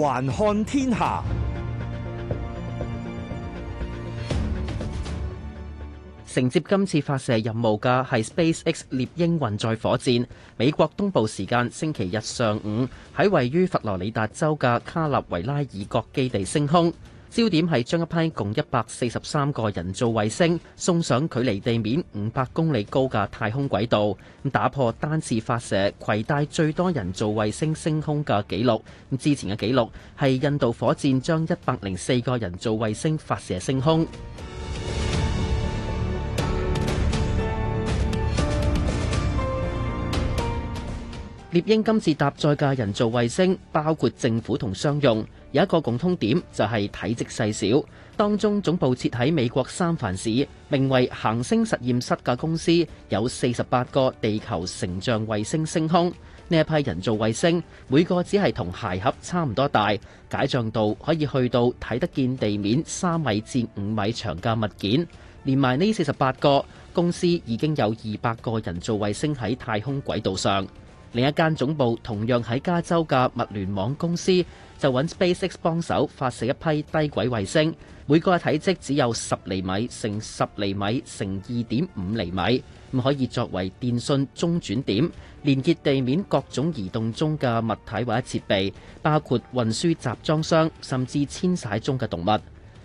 環看天下，承接今次發射任務嘅係 SpaceX 獵鷹運載火箭，美國東部時間星期日上午喺位於佛羅里達州嘅卡納維拉爾角基地升空。焦點係將一批共一百四十三個人造衛星送上距離地面五百公里高嘅太空軌道，打破單次發射攜帶最多人造衛星升空嘅紀錄。之前嘅紀錄係印度火箭將一百零四個人造衛星發射升空。獵鷹今次搭載嘅人造衛星，包括政府同商用，有一個共通點就係體積細小。當中總部設喺美國三藩市，名為行星實驗室嘅公司有四十八個地球成像衛星升空。呢一批人造衛星每個只係同鞋盒差唔多大，解像度可以去到睇得見地面三米至五米長嘅物件。連埋呢四十八個公司已經有二百個人造衛星喺太空軌道上。另一間總部同樣喺加州嘅物聯網公司就揾 SpaceX 幫手發射一批低軌衛星，每個體積只有十厘米乘十厘米乘二點五厘米，咁可以作為電訊中轉點，連結地面各種移動中嘅物體或者設備，包括運輸集裝箱，甚至遷徙中嘅動物。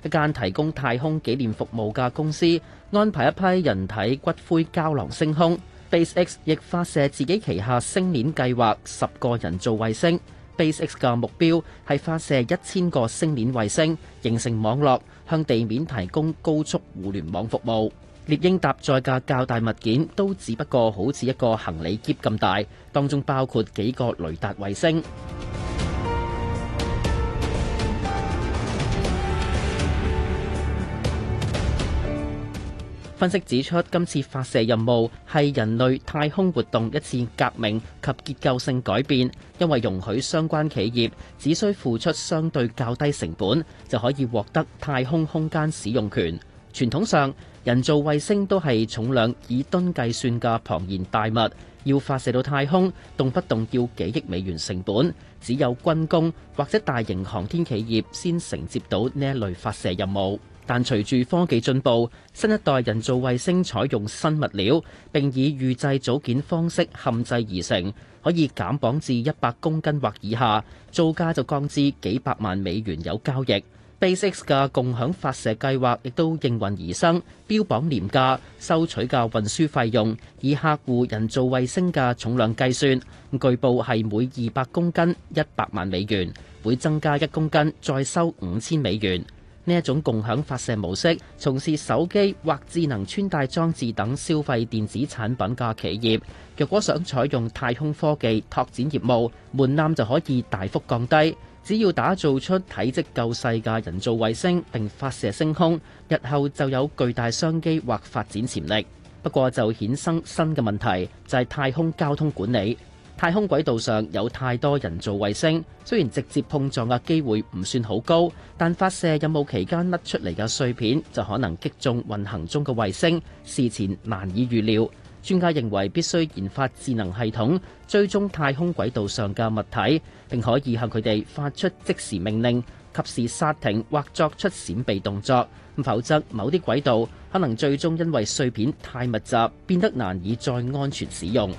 一間提供太空紀念服務嘅公司安排一批人體骨灰膠囊升空。SpaceX 亦發射自己旗下星鏈計劃十個人造衛星。SpaceX 嘅目標係發射一千個星鏈衛星，形成網絡，向地面提供高速互聯網服務。獵鷹搭載嘅較大物件都只不過好似一個行李篋咁大，當中包括幾個雷達衛星。分析指出，今次發射任務係人類太空活動一次革命及結構性改變，因為容許相關企業只需付出相對較低成本就可以獲得太空空間使用權。傳統上，人造衛星都係重量以噸計算嘅龐然大物，要發射到太空，動不動要幾億美元成本，只有軍工或者大型航天企業先承接到呢一類發射任務。但隨住科技進步，新一代人造衛星採用新物料，並以預製組件方式嵌製而成，可以減磅至一百公斤或以下，造價就降至幾百萬美元有交易。SpaceX 嘅共享發射計劃亦都應運而生，標榜廉價，收取嘅運輸費用以客戶人造衛星嘅重量計算，據報係每二百公斤一百萬美元，每增加一公斤再收五千美元。呢一種共享發射模式，從事手機或智能穿戴裝置等消費電子產品嘅企業，若果想採用太空科技拓展業務，門檻就可以大幅降低。只要打造出體積夠細嘅人造衛星並發射升空，日後就有巨大商機或發展潛力。不過就衍生新嘅問題，就係太空交通管理。太空軌道上有太多人造衛星，雖然直接碰撞嘅機會唔算好高，但發射任務期間甩出嚟嘅碎片就可能擊中運行中嘅衛星，事前難以預料。專家認為必須研發智能系統追蹤太空軌道上嘅物體，並可以向佢哋發出即時命令，及時剎停或作出閃避動作。否則，某啲軌道可能最終因為碎片太密集，變得難以再安全使用。